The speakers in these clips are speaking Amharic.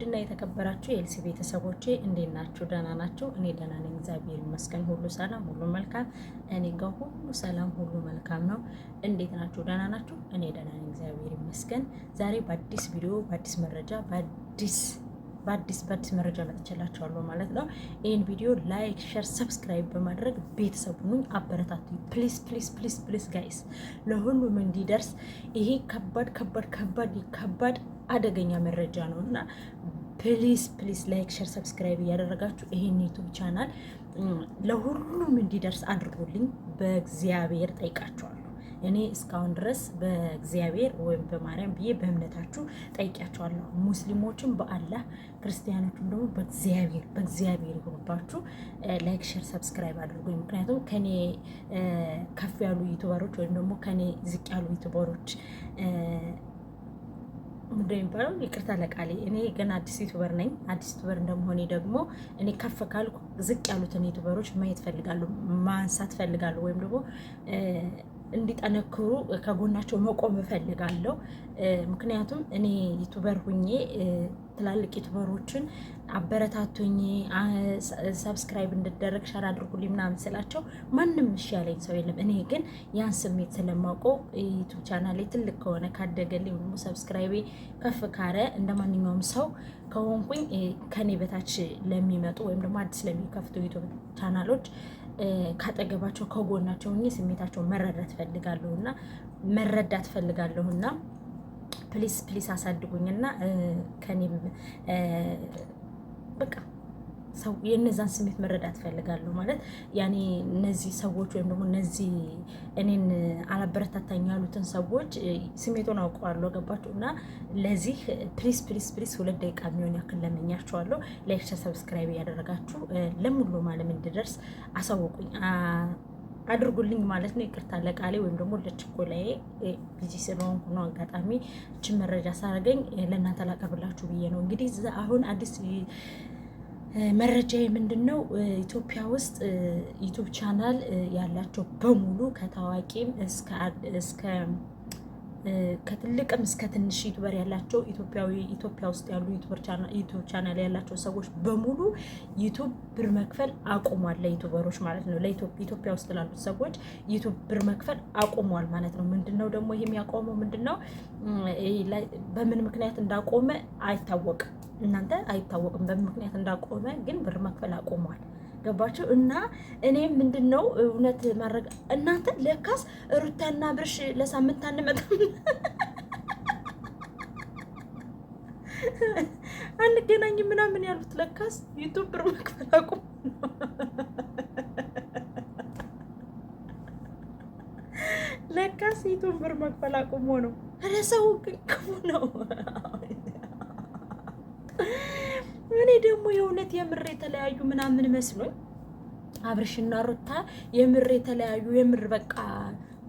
ውድና የተከበራችሁ የኤልሲ ቤተሰቦቼ እንዴት ናችሁ? ደህና ናችሁ? እኔ ደህና ነኝ፣ እግዚአብሔር ይመስገን። ሁሉ ሰላም፣ ሁሉ መልካም። እኔ ጋር ሁሉ ሰላም፣ ሁሉ መልካም ነው። እንዴት ናችሁ? ደህና ናችሁ? እኔ ደህና ነኝ፣ እግዚአብሔር ይመስገን። ዛሬ በአዲስ ቪዲዮ፣ በአዲስ መረጃ፣ በአዲስ በአዲስ በአዲስ መረጃ መጥቼላችኋለሁ ማለት ነው። ይህን ቪዲዮ ላይክ፣ ሸር፣ ሰብስክራይብ በማድረግ ቤተሰቡን አበረታቱ። ፕሊስ ፕሊስ ፕሊስ ፕሊስ ጋይስ ለሁሉም እንዲደርስ ይሄ ከባድ ከባድ ከባድ ከባድ አደገኛ መረጃ ነው እና ፕሊስ ፕሊስ ላይክ ሸር ሰብስክራይብ እያደረጋችሁ ይሄን ዩቱብ ቻናል ለሁሉም እንዲደርስ አድርጎልኝ በእግዚአብሔር ጠይቃችኋለሁ። እኔ እስካሁን ድረስ በእግዚአብሔር ወይም በማርያም ብዬ በእምነታችሁ ጠይቂያቸዋለሁ። ሙስሊሞችም በአላህ ክርስቲያኖችም ደግሞ በእግዚአብሔር በእግዚአብሔር ይሆኑባችሁ። ላይክ፣ ሼር፣ ሰብስክራይብ አድርጉኝ። ምክንያቱም ከኔ ከፍ ያሉ ዩቱበሮች ወይም ደግሞ ከኔ ዝቅ ያሉ ዩቱበሮች ምንድን የሚባለው? ይቅርታ ለቃሌ እኔ ገና አዲስ ዩቱበር ነኝ። አዲስ ዩቱበር እንደመሆኔ ደግሞ እኔ ከፍ ካልኩ ዝቅ ያሉትን ዩቱበሮች ማየት ፈልጋሉ፣ ማንሳት ፈልጋሉ ወይም ደግሞ እንዲጠነክሩ ከጎናቸው መቆም እፈልጋለሁ። ምክንያቱም እኔ ዩቱበር ሁኜ ትላልቅ ዩቱበሮችን አበረታቱኝ፣ ሰብስክራይብ እንድደረግ ሸር አድርጉልኝ ምናምን ስላቸው ማንም እሺ ያለኝ ሰው የለም። እኔ ግን ያን ስሜት ስለማውቀው ዩቱብ ቻናሌ ትልቅ ከሆነ ካደገልኝ፣ ደግሞ ሰብስክራይቤ ከፍ ካረ እንደ ማንኛውም ሰው ከሆንኩኝ ከኔ በታች ለሚመጡ ወይም ደግሞ አዲስ ለሚከፍቱ ዩቱብ ቻናሎች ካጠገባቸው ከጎናቸው ሁኜ ስሜታቸው መረዳት ፈልጋለሁና መረዳት ፈልጋለሁና ፕሊስ ፕሊስ አሳድጉኝና ከኔም በቃ የእነዛን ስሜት መረዳት እፈልጋለሁ። ማለት ያኔ እነዚህ ሰዎች ወይም ደግሞ እነዚህ እኔን አላበረታታኝ ያሉትን ሰዎች ስሜቱን አውቀዋለሁ። ገባችሁ? እና ለዚህ ፕሊስ ፕሊስ ፕሊስ ሁለት ደቂቃ የሚሆን ያክል ለምኛችኋለሁ። ላይክ፣ ሰብስክራይብ እያደረጋችሁ ለሙሉ ማለም እንድደርስ አሳውቁኝ አድርጉልኝ ማለት ነው። ይቅርታ ለቃሌ ወይም ደግሞ ለችኮላዬ ቢዚ ስለሆንኩ ነው። አጋጣሚ እችን መረጃ ሳረገኝ ለእናንተ ላቀርብላችሁ ብዬ ነው። እንግዲህ አሁን አዲስ መረጃ ምንድን ነው? ኢትዮጵያ ውስጥ ዩቱብ ቻናል ያላቸው በሙሉ ከታዋቂም እስከ ከትልቅም እስከ ትንሽ ዩቱበር ያላቸው ኢትዮጵያዊ ኢትዮጵያ ውስጥ ያሉ ዩቱብ ቻናል ያላቸው ሰዎች በሙሉ ዩቱብ ብር መክፈል አቁሟል። ለዩቱበሮች ማለት ነው። ለኢትዮጵያ ውስጥ ላሉት ሰዎች ዩቱብ ብር መክፈል አቁሟል ማለት ነው። ነው ደግሞ ይሄም ያቆመው ነው? በምን ምክንያት እንዳቆመ አይታወቅም። እናንተ አይታወቅም በምን ምክንያት እንዳቆመ ግን ብር መክፈል አቁሟል። ገባቸው እና እኔም ምንድን ነው እውነት ማድረግ እናንተ ለካስ ሩታና ብርሽ ለሳምንት አንመጣም አንገናኝ ምናምን ያሉት ለካስ ዩቱብ ብር መክፈል አቁም ለካስ ዩቱብ ብር መክፈል አቁሞ ነው። ኧረ ሰው ክፉ ነው። እኔ ደግሞ የእውነት የምር የተለያዩ ምናምን መስሎኝ አብርሽና ሩታ የምር የተለያዩ የምር በቃ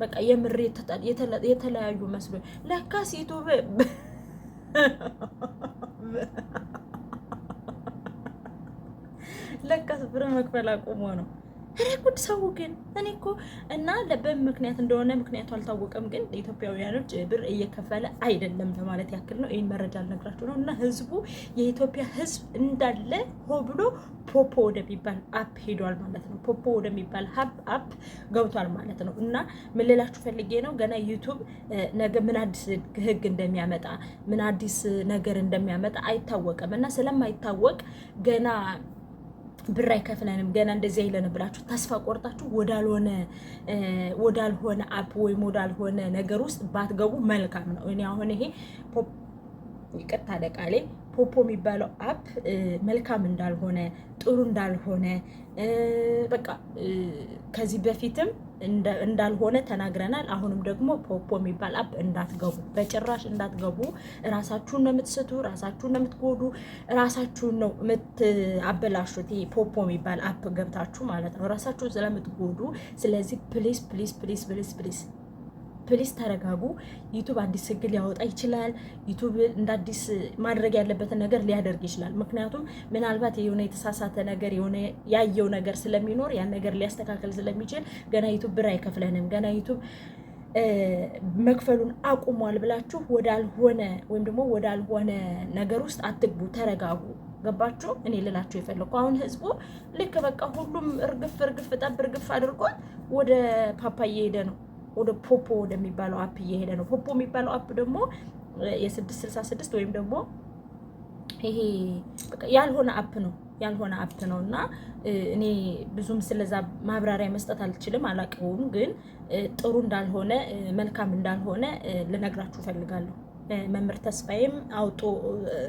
በቃ የምር የተለያዩ መስሎኝ ለካ ሴቱ ለካ ብር መክፈል አቁሞ ነው። ኧረ ጉድ ሰው ግን እኔ እኮ እና ለበም ምክንያት እንደሆነ ምክንያቱ አልታወቀም፣ ግን ኢትዮጵያውያኖች ብር እየከፈለ አይደለም ለማለት ያክል ነው። ይህን መረጃ አልነግራችሁ ነው። እና ህዝቡ የኢትዮጵያ ህዝብ እንዳለ ሆ ብሎ ፖፖ ወደሚባል አፕ ሄዷል ማለት ነው። ፖፖ ወደሚባል ሀብ አፕ ገብቷል ማለት ነው። እና ምን ፈልጌ ነው ገና ዩቱብ ነገ ምን አዲስ ህግ እንደሚያመጣ ምን አዲስ ነገር እንደሚያመጣ አይታወቅም እና ስለማይታወቅ ገና ብር አይከፍለንም ገና እንደዚህ አይለን ብላችሁ ተስፋ ቆርጣችሁ ወዳልሆነ ወዳልሆነ አፕ ወይም ወዳልሆነ ነገር ውስጥ ባትገቡ መልካም ነው። እኔ አሁን ይሄ ይቅርታ ደቃሌ ፖፖ የሚባለው አፕ መልካም እንዳልሆነ ጥሩ እንዳልሆነ በቃ ከዚህ በፊትም እንዳልሆነ ተናግረናል። አሁንም ደግሞ ፖፖ የሚባል አፕ እንዳትገቡ፣ በጭራሽ እንዳትገቡ። ራሳችሁን ነው የምትስቱ፣ ራሳችሁን ነው የምትጎዱ፣ ራሳችሁን ነው የምትአበላሹት ይሄ ፖፖ የሚባል አፕ ገብታችሁ ማለት ነው ራሳችሁን ስለምትጎዱ። ስለዚህ ፕሊስ ፕሊስ ፕሊስ ፕሊስ ፕሊስ ፕሊስ ተረጋጉ። ዩቱብ አዲስ ህግ ሊያወጣ ይችላል። ዩቱብ እንደ አዲስ ማድረግ ያለበትን ነገር ሊያደርግ ይችላል። ምክንያቱም ምናልባት የሆነ የተሳሳተ ነገር የሆነ ያየው ነገር ስለሚኖር ያን ነገር ሊያስተካከል ስለሚችል ገና ዩቱብ ብር አይከፍለንም ገና ዩቱብ መክፈሉን አቁሟል ብላችሁ ወዳልሆነ ወይም ደግሞ ወዳልሆነ ነገር ውስጥ አትግቡ። ተረጋጉ። ገባችሁ? እኔ ልላችሁ የፈለግኩ አሁን ህዝቡ ልክ በቃ ሁሉም እርግፍ እርግፍ ጠብ እርግፍ አድርጎት ወደ ፓፓ እየሄደ ነው። ወደ ፖፖ ወደሚባለው አፕ እየሄደ ነው። ፖፖ የሚባለው አፕ ደግሞ የ666 ወይም ደግሞ ይሄ ያልሆነ አፕ ነው ያልሆነ አፕ ነው እና እኔ ብዙም ስለዛ ማብራሪያ መስጠት አልችልም፣ አላቀውም ግን ጥሩ እንዳልሆነ መልካም እንዳልሆነ ልነግራችሁ ፈልጋለሁ። መምህር ተስፋዬም አውጦ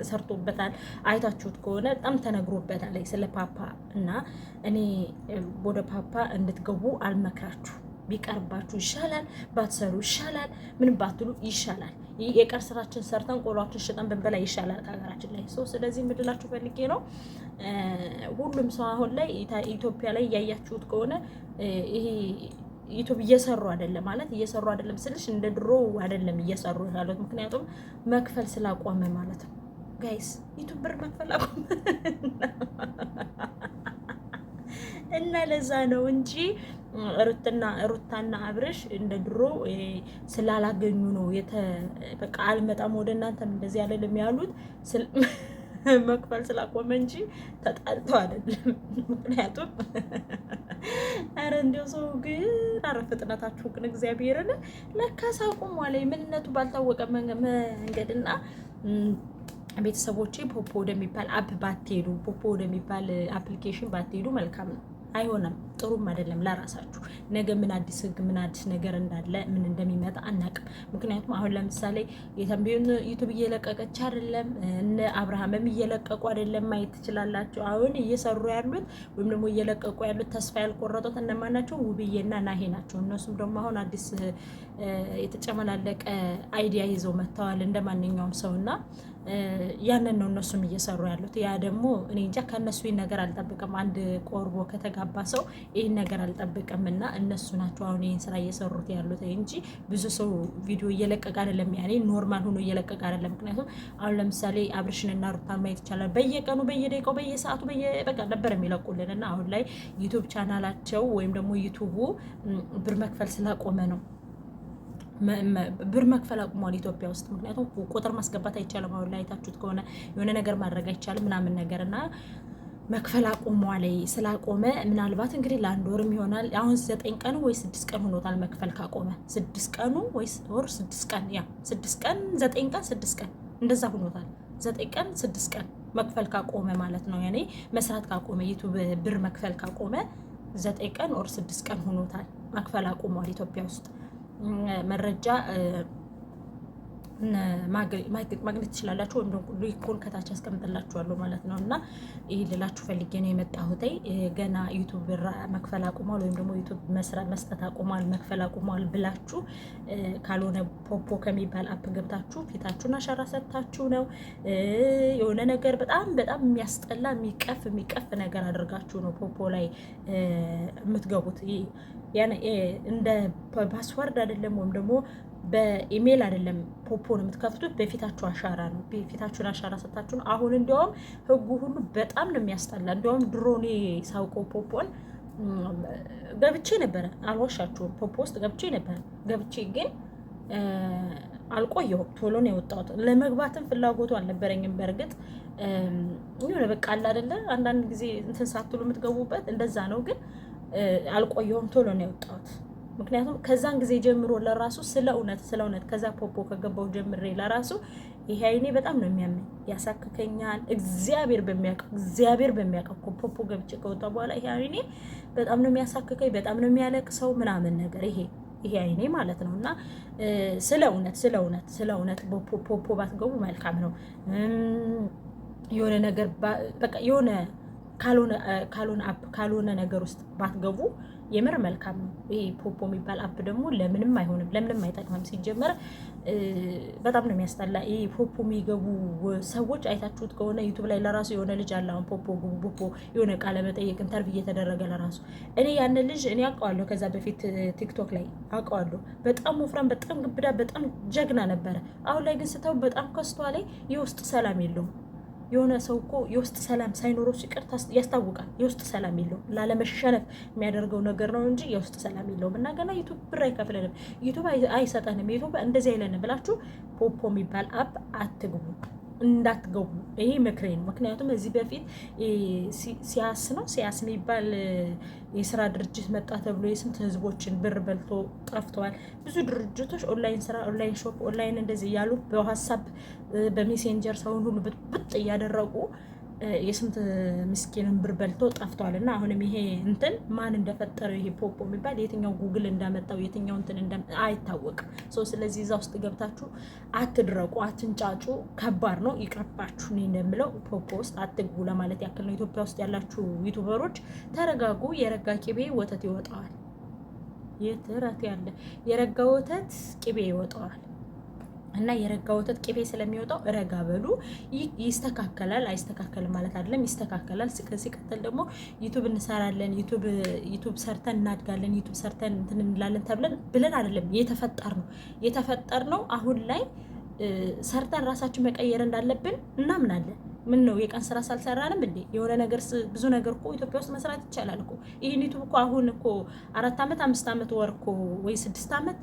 ሰርቶበታል። አይታችሁት ከሆነ በጣም ተነግሮበታል ስለ ፓፓ እና እኔ ወደ ፓፓ እንድትገቡ አልመክራችሁ ቢቀርባችሁ ይሻላል፣ ባትሰሩ ይሻላል፣ ምን ባትሉ ይሻላል። ይህ የቀር ስራችን ሰርተን ቆሏችን ሽጠን ብንበላ ይሻላል ከሀገራችን ላይ ሰው። ስለዚህ ምድላችሁ ፈልጌ ነው። ሁሉም ሰው አሁን ላይ ኢትዮጵያ ላይ እያያችሁት ከሆነ ይሄ ዩቱብ እየሰሩ አይደለም ማለት እየሰሩ አይደለም ስልሽ እንደ ድሮ አይደለም እየሰሩ ያሉት፣ ምክንያቱም መክፈል ስላቆመ ማለት ነው። ጋይስ ዩቱብ ብር መክፈል አቆመ እና ለዛ ነው እንጂ ሩታና አብረሽ እንደ ድሮ ስላላገኙ ነው በቃ አልመጣም ወደ እናንተም እንደዚህ ያለ ለሚያሉት መክፈል ስላቆመ እንጂ ተጣልተው አይደለም። ምክንያቱም አረ እንዲያው ሰው ግን አረ ፍጥነታችሁ ግን እግዚአብሔርን ለካስ አቁሟል። ምንነቱ ባልታወቀ መንገድና ቤተሰቦቼ ፖፖ ወደሚባል አፕ ባትሄዱ፣ ፖፖ ወደሚባል አፕሊኬሽን ባትሄዱ መልካም ነው። አይሆንም ጥሩም አይደለም ለራሳችሁ። ነገ ምን አዲስ ህግ ምን አዲስ ነገር እንዳለ ምን እንደሚመጣ አናቅም። ምክንያቱም አሁን ለምሳሌ የተንቢዩን ዩቱብ እየለቀቀች አይደለም፣ እነ አብርሃምም እየለቀቁ አይደለም። ማየት ትችላላችሁ። አሁን እየሰሩ ያሉት ወይም ደግሞ እየለቀቁ ያሉት ተስፋ ያልቆረጡት እነማን ናቸው? ውብዬና ናሄ ናቸው። እነሱም ደግሞ አሁን አዲስ የተጨመላለቀ አይዲያ ይዘው መጥተዋል እንደ ማንኛውም ሰውና ያንን ነው እነሱም እየሰሩ ያሉት። ያ ደግሞ እኔ እንጃ ከእነሱ ነገር አልጠብቅም። አንድ ቆርቦ ከተጋባ ሰው ይህን ነገር አልጠብቅም እና እነሱ ናቸው አሁን ይህን ስራ እየሰሩት ያሉት እንጂ ብዙ ሰው ቪዲዮ እየለቀቀ አይደለም። ያኔ ኖርማል ሆኖ እየለቀቀ አይደለም። ምክንያቱም አሁን ለምሳሌ አብርሽን እና ሩታን ማየት ይቻላል። በየቀኑ በየደቂቃው፣ በየሰዓቱ በየበቃ ነበር የሚለቁልን እና አሁን ላይ ዩቱብ ቻናላቸው ወይም ደግሞ ዩቱቡ ብር መክፈል ስላቆመ ነው ብር መክፈል አቁሟል ኢትዮጵያ ውስጥ። ምክንያቱም ቁጥር ማስገባት አይቻልም። አሁን ላይ አይታችሁት ከሆነ የሆነ ነገር ማድረግ አይቻልም ምናምን ነገር እና መክፈል ላይ ስላቆመ ምናልባት እንግዲህ ለአንድ ወርም ይሆናል። አሁን ዘጠኝ ቀኑ ወይ ስድስት ቀን ሆኖታል መክፈል ካቆመ ስድስት ቀኑ ወይ ወር ስድስት ቀን ያ ስድስት ቀን ዘጠኝ ቀን ስድስት ቀን እንደዛ ሆኖታል። ዘጠኝ ቀን ስድስት ቀን መክፈል ካቆመ ማለት ነው። ያኔ መስራት ካቆመ ዩቱብ ብር መክፈል ካቆመ ዘጠኝ ቀን ወር ስድስት ቀን ሆኖታል መክፈል አቆመዋል ኢትዮጵያ ውስጥ መረጃ ማግኘት ትችላላችሁ፣ ወይም ደግሞ ሊንኩን ከታች ያስቀምጥላችኋለሁ ማለት ነው። እና ይህ ልላችሁ ፈልጌ ነው የመጣሁት። ገና ዩቱብ መክፈል አቁሟል፣ ወይም ደግሞ ዩቱብ መስጠት አቁሟል፣ መክፈል አቁሟል ብላችሁ ካልሆነ ፖፖ ከሚባል አፕ ገብታችሁ ፊታችሁን አሻራ ሰጥታችሁ ነው የሆነ ነገር በጣም በጣም የሚያስጠላ የሚቀፍ የሚቀፍ ነገር አድርጋችሁ ነው ፖፖ ላይ የምትገቡት እንደ ፓስዋርድ አይደለም ወይም ደግሞ በኢሜይል አይደለም ፖፖን የምትከፍቱት፣ በፊታችሁ አሻራ ነው። በፊታችሁን አሻራ ሰታችሁ ነው። አሁን እንዲያውም ህጉ ሁሉ በጣም ነው የሚያስጠላ። እንዲያውም ድሮኔ እኔ ሳውቀው ፖፖን ገብቼ ነበረ፣ አልዋሻችሁም። ፖፖ ውስጥ ገብቼ ነበረ። ገብቼ ግን አልቆየሁም፣ ቶሎ ነው የወጣሁት። ለመግባትም ፍላጎቱ አልነበረኝም። በእርግጥ ሆነ በቃ አለ አይደለ፣ አንዳንድ ጊዜ እንትን ሳትሉ የምትገቡበት እንደዛ ነው። ግን አልቆየሁም፣ ቶሎ ነው የወጣሁት። ምክንያቱም ከዛን ጊዜ ጀምሮ ለራሱ ስለ እውነት ስለ እውነት ከዛ ፖፖ ከገባው ጀምሬ ለራሱ ይሄ አይኔ በጣም ነው የሚያምን ያሳክከኛል። እግዚአብሔር በሚያውቀው እግዚአብሔር በሚያውቀው ፖፖ ገብቼ ከወጣ በኋላ ይሄ አይኔ በጣም ነው የሚያሳክከኝ፣ በጣም ነው የሚያለቅሰው ምናምን ነገር ይሄ ይሄ አይኔ ማለት ነው። እና ስለ እውነት ስለ እውነት ስለ እውነት ፖፖ ባትገቡ መልካም ነው። የሆነ ነገር በቃ የሆነ ካልሆነ አፕ ካልሆነ ነገር ውስጥ ባትገቡ የምር መልካም ነው። ይሄ ፖፖ የሚባል አፕ ደግሞ ለምንም አይሆንም፣ ለምንም አይጠቅምም። ሲጀመር በጣም ነው የሚያስጠላ። ይሄ ፖፖ የሚገቡ ሰዎች አይታችሁት ከሆነ ዩቱብ ላይ ለራሱ የሆነ ልጅ አለ። አሁን ፖፖ ግቡ ፖፖ የሆነ ቃለ መጠየቅ ኢንተርቪው እየተደረገ ለራሱ እኔ ያንን ልጅ እኔ አውቀዋለሁ። ከዛ በፊት ቲክቶክ ላይ አውቀዋለሁ። በጣም ወፍራም፣ በጣም ግብዳ፣ በጣም ጀግና ነበረ። አሁን ላይ ግን ስተው በጣም ከስቷ ላይ የውስጥ ሰላም የለውም። የሆነ ሰው እኮ የውስጥ ሰላም ሳይኖረው ሲቀር ያስታውቃል። የውስጥ ሰላም የለውም። ላለመሸነፍ የሚያደርገው ነገር ነው እንጂ የውስጥ ሰላም የለውም። እና ገና ዩቱብ ብር አይከፍለንም፣ ዩቱብ አይሰጠንም፣ ዩቱብ እንደዚህ አይለንም ብላችሁ ፖፖ የሚባል አፕ አትግቡ። እንዳትገቡ ይሄ መክሬን። ምክንያቱም እዚህ በፊት ሲያስ ነው ሲያስ የሚባል የስራ ድርጅት መጣ ተብሎ የስንት ህዝቦችን ብር በልቶ ጠፍተዋል። ብዙ ድርጅቶች ኦንላይን ስራ፣ ኦንላይን ሾፕ፣ ኦንላይን እንደዚህ እያሉ በዋትሳፕ በሜሴንጀር ሰውን ሁሉ ብጥ እያደረጉ የስንት ምስኪንን ብር በልቶ ጠፍቷል። እና አሁንም ይሄ እንትን ማን እንደፈጠረው ይሄ ፖፖ የሚባል የትኛው ጉግል እንዳመጣው የትኛው እንትን አይታወቅም። ሰው ስለዚህ እዛ ውስጥ ገብታችሁ አትድረቁ፣ አትንጫጩ። ከባድ ነው፣ ይቅርባችሁ። እኔ እንደምለው ፖፖ ውስጥ አትግቡ ለማለት ያክል ነው። ኢትዮጵያ ውስጥ ያላችሁ ዩቱበሮች ተረጋጉ። የረጋ ቂቤ ወተት ይወጣዋል። የትረት ያለ የረጋ ወተት ቂቤ ይወጣዋል። እና የረጋ ወተት ቅቤ ስለሚወጣው ረጋ በሉ። ይስተካከላል። አይስተካከልም ማለት አይደለም፣ ይስተካከላል። ሲቀጥል ደግሞ ዩቱብ እንሰራለን፣ ዩቱብ ሰርተን እናድጋለን፣ ዩቱብ ሰርተን እንትን እንላለን ተብለን ብለን አይደለም የተፈጠር ነው የተፈጠር ነው። አሁን ላይ ሰርተን ራሳችን መቀየር እንዳለብን እናምናለን። ምን ነው የቀን ስራ ሳልሰራንም እንዴ? የሆነ ነገር ብዙ ነገር እኮ ኢትዮጵያ ውስጥ መስራት ይቻላል እኮ። ይህን ዩቱብ እኮ አሁን እኮ አራት ዓመት አምስት ዓመት ወር እኮ ወይ ስድስት ዓመት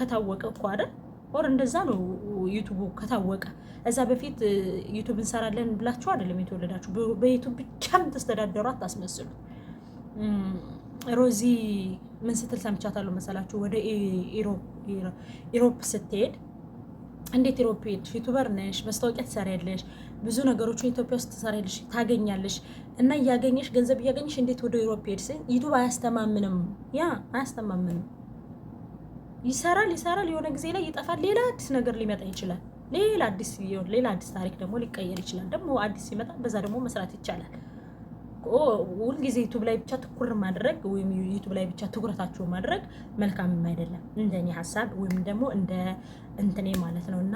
ከታወቀ እኮ አይደል ወር እንደዛ ነው ዩቱቡ ከታወቀ። እዛ በፊት ዩቱብ እንሰራለን ብላችሁ አይደለም የተወለዳችሁ። በዩቱብ ብቻ የምትስተዳደሩ አታስመስሉ። ሮዚ ምን ስትል ሰምቻታለሁ መሰላችሁ? ወደ ኢሮፕ ስትሄድ እንዴት ኢሮፕ ሄድሽ? ዩቱበር ነሽ፣ መስታወቂያ ትሰሪያለሽ፣ ብዙ ነገሮችን ኢትዮጵያ ውስጥ ትሰሪያለሽ፣ ታገኛለሽ እና እያገኘሽ ገንዘብ እያገኘሽ እንዴት ወደ ኢሮፕ ሄድሽ? ዩቱብ አያስተማምንም፣ ያ አያስተማምንም። ይሰራል ይሰራል፣ የሆነ ጊዜ ላይ ይጠፋል። ሌላ አዲስ ነገር ሊመጣ ይችላል። ሌላ አዲስ ሌላ አዲስ ታሪክ ደግሞ ሊቀየር ይችላል። ደግሞ አዲስ ሲመጣ በዛ ደግሞ መስራት ይቻላል። ሁልጊዜ ዩቱብ ላይ ብቻ ትኩር ማድረግ ወይም ዩቱብ ላይ ብቻ ትኩረታችሁ ማድረግ መልካም አይደለም፣ እንደኔ ሀሳብ ወይም ደግሞ እንደ እንትኔ ማለት ነው። እና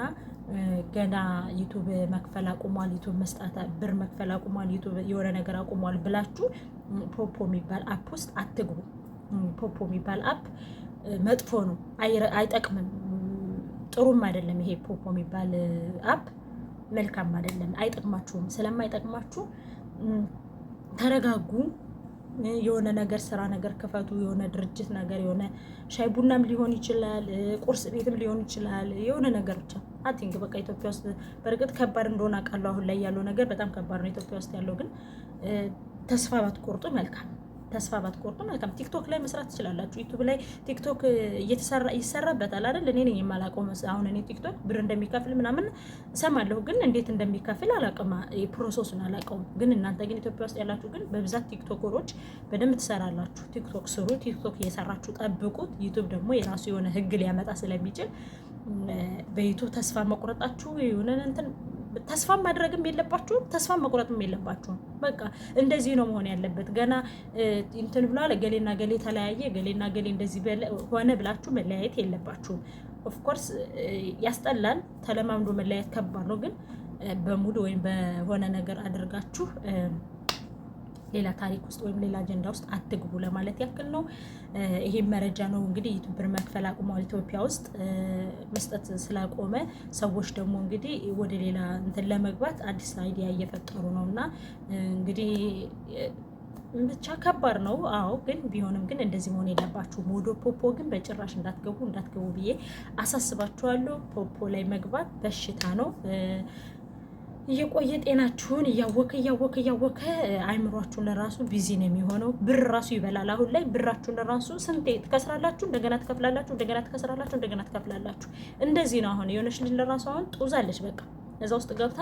ገና ዩቱብ መክፈል አቁሟል፣ ዩቱብ መስጣት ብር መክፈል አቁሟል፣ ዩቱብ የሆነ ነገር አቁሟል ብላችሁ ፖፖ የሚባል አፕ ውስጥ አትግቡ። ፖፖ የሚባል አፕ መጥፎ ነው፣ አይጠቅምም፣ ጥሩም አይደለም። ይሄ ፖፖ የሚባል አፕ መልካም አይደለም፣ አይጠቅማችሁም። ስለማይጠቅማችሁ ተረጋጉ። የሆነ ነገር ስራ ነገር ክፈቱ። የሆነ ድርጅት ነገር የሆነ ሻይ ቡናም ሊሆን ይችላል፣ ቁርስ ቤትም ሊሆን ይችላል። የሆነ ነገር ብቻ አቲንግ በቃ ኢትዮጵያ ውስጥ በእርግጥ ከባድ እንደሆነ አውቃለሁ። አሁን ላይ ያለው ነገር በጣም ከባድ ነው ኢትዮጵያ ውስጥ ያለው ግን ተስፋ ባትቆርጡ መልካም ተስፋ ባትቆርጡ መልካም። ቲክቶክ ላይ መስራት ትችላላችሁ። ዩቱብ ላይ ቲክቶክ ይሰራበታል አይደል? እኔ ነኝ የማላውቀው። አሁን እኔ ቲክቶክ ብር እንደሚከፍል ምናምን እሰማለሁ፣ ግን እንዴት እንደሚከፍል አላውቅም። ፕሮሰሱን አላውቀውም። ግን እናንተ ግን ኢትዮጵያ ውስጥ ያላችሁ ግን በብዛት ቲክቶከሮች በደንብ ትሰራላችሁ። ቲክቶክ ስሩ። ቲክቶክ እየሰራችሁ ጠብቁት። ዩቱብ ደግሞ የራሱ የሆነ ህግ ሊያመጣ ስለሚችል በዩቱብ ተስፋ መቁረጣችሁ የሆነ እንትን ተስፋ ማድረግም የለባችሁም፣ ተስፋ መቁረጥም የለባችሁም። በቃ እንደዚህ ነው መሆን ያለበት። ገና እንትን ብሏል፣ ገሌና ገሌ ተለያየ፣ ገሌና ገሌ እንደዚህ ሆነ ብላችሁ መለያየት የለባችሁም። ኦፍኮርስ ያስጠላል፣ ተለማምዶ መለያየት ከባድ ነው። ግን በሙድ ወይም በሆነ ነገር አድርጋችሁ ሌላ ታሪክ ውስጥ ወይም ሌላ አጀንዳ ውስጥ አትግቡ ለማለት ያክል ነው። ይሄም መረጃ ነው እንግዲህ ብር መክፈል አቁመዋል ኢትዮጵያ ውስጥ መስጠት ስላቆመ ሰዎች ደግሞ እንግዲህ ወደ ሌላ እንትን ለመግባት አዲስ አይዲያ እየፈጠሩ ነው እና እንግዲህ ብቻ ከባድ ነው። አዎ ግን ቢሆንም ግን እንደዚህ መሆን የለባችሁም። ወደ ፖፖ ግን በጭራሽ እንዳትገቡ እንዳትገቡ ብዬ አሳስባችኋለሁ። ፖፖ ላይ መግባት በሽታ ነው። እየቆየ ጤናችሁን እያወከ እያወከ እያወከ አይምሯችሁ ለራሱ ቢዚ ነው የሚሆነው። ብር ራሱ ይበላል። አሁን ላይ ብራችሁን ለራሱ ስንቴ ትከስራላችሁ፣ እንደገና ትከፍላላችሁ፣ እንደገና ትከስራላችሁ፣ እንደገና ትከፍላላችሁ። እንደዚህ ነው። አሁን የሆነች ልጅ ለራሱ አሁን ጡዛለች። በቃ እዛ ውስጥ ገብታ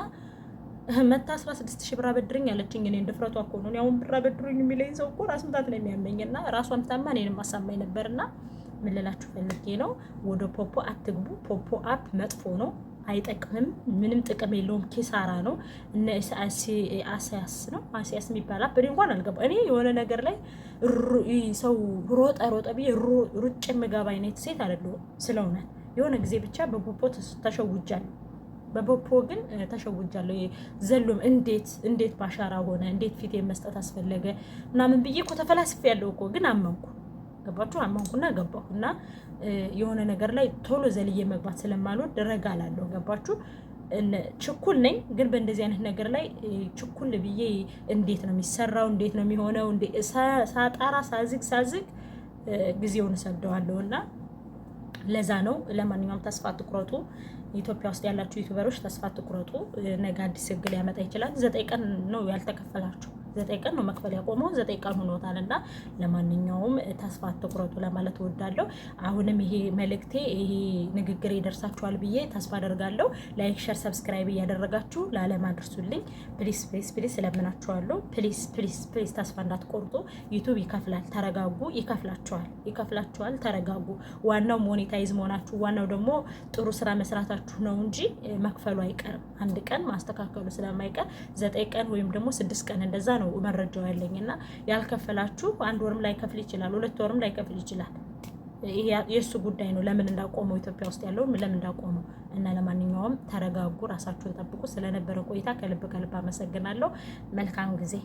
መታ 16 ሺህ ብር አበድርኝ አለችኝ። እኔ እንደፍረቷ እኮ ነው ያሁን ብር አበድሩኝ የሚለኝ ሰው እኮ ራስ ምታት ነው የሚያመኝና ራሷን ታማ እኔንም አሳማኝ ነበርና ምን ልላችሁ ፈልጌ ነው፣ ወደ ፖፖ አትግቡ። ፖፖ አፕ መጥፎ ነው። አይጠቅምም፣ ምንም ጥቅም የለውም፣ ኪሳራ ነው። እነ አስያስ ነው አሲያስ የሚባል አበዴ እንኳን አልገባ እኔ የሆነ ነገር ላይ ሰው ሮጠ ሮጠ ብዬ ሩጭ የምገባ አይነት ሴት አይደለሁም። ስለሆነ የሆነ ጊዜ ብቻ በቦፖ ተሸውጃል። በቦፖ ግን ተሸውጃለሁ። ዘሎም እንዴት እንዴት ባሻራ ሆነ፣ እንዴት ፊት መስጠት አስፈለገ ምናምን ብዬ እኮ ተፈላስፌ ያለው እኮ ግን አመንኩ። ገባችሁ? አመንኩና ገባሁ እና የሆነ ነገር ላይ ቶሎ ዘልዬ መግባት ስለማልወድ ረጋ ላለሁ። ገባችሁ? ችኩል ነኝ፣ ግን በእንደዚህ አይነት ነገር ላይ ችኩል ብዬ እንዴት ነው የሚሰራው፣ እንዴት ነው የሚሆነው፣ ሳጣራ ሳዝግ ሳዝግ ጊዜውን እሰደዋለሁ እና ለዛ ነው። ለማንኛውም ተስፋ ትቁረጡ። ኢትዮጵያ ውስጥ ያላችሁ ዩቱበሮች ተስፋ ትቁረጡ። ነገ አዲስ ህግ ሊያመጣ ይችላል። ዘጠኝ ቀን ነው ያልተከፈላችሁ ዘጠኝ ቀን ነው መክፈል ያቆመው፣ ዘጠኝ ቀን ሆኖታል። እና ለማንኛውም ተስፋ አትቁረጡ ለማለት እወዳለሁ። አሁንም ይሄ መልእክቴ ይሄ ንግግር ይደርሳችኋል ብዬ ተስፋ አደርጋለሁ። ላይክ፣ ሸር፣ ሰብስክራይብ እያደረጋችሁ ለአለም አድርሱልኝ። ፕሊስ ፕሊስ ፕሊስ እለምናችኋለሁ። ፕሊስ ፕሊስ ፕሊስ ተስፋ እንዳትቆርጡ። ዩቱብ ይከፍላል፣ ተረጋጉ። ይከፍላችኋል፣ ይከፍላችኋል፣ ተረጋጉ። ዋናው ሞኔታይዝ መሆናችሁ ዋናው ደግሞ ጥሩ ስራ መስራታችሁ ነው እንጂ መክፈሉ አይቀርም። አንድ ቀን ማስተካከሉ ስለማይቀር ዘጠኝ ቀን ወይም ደግሞ ስድስት ቀን እንደዛ ነው ነው መረጃው ያለኝ። እና ያልከፈላችሁ አንድ ወርም ላይ ከፍል ይችላል፣ ሁለት ወርም ላይ ከፍል ይችላል። የእሱ ጉዳይ ነው ለምን እንዳቆመው ኢትዮጵያ ውስጥ ያለው ለምን እንዳቆመው እና ለማንኛውም ተረጋጉ፣ ራሳችሁን ጠብቁ። ስለነበረ ቆይታ ከልብ ከልብ አመሰግናለሁ። መልካም ጊዜ